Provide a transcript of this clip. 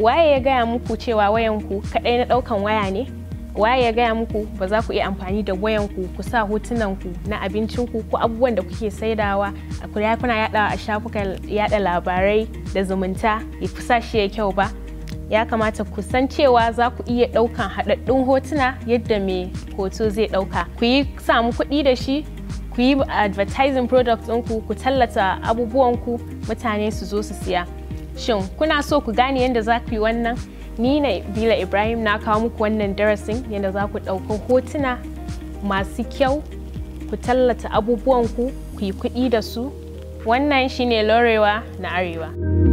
waye ya gaya muku cewa wayanku kaɗai na ɗaukan waya ne waye ya gaya muku ba za ku iya amfani da wayanku ku sa hotunanku na abincinku ko abubuwan da kuke saidawa a kuna yadawa a shafukan yada labarai da zumunta ya kusa shi ya kyau ba ya kamata ku san cewa za ku iya ɗaukan haɗaɗɗun hotuna yadda mai hoto zai ɗauka ku yi samu kuɗi da shi ku yi advertising product ɗinku ku tallata abubuwan ku mutane su zo su siya Shin kuna so ku gane yadda za ku yi wannan? Ni na Bila Ibrahim na kawo muku wannan darasin yadda za ku ɗauko hotuna masu kyau, ku tallata abubuwanku, ku yi kuɗi da su. Wannan shine lorewa na Arewa.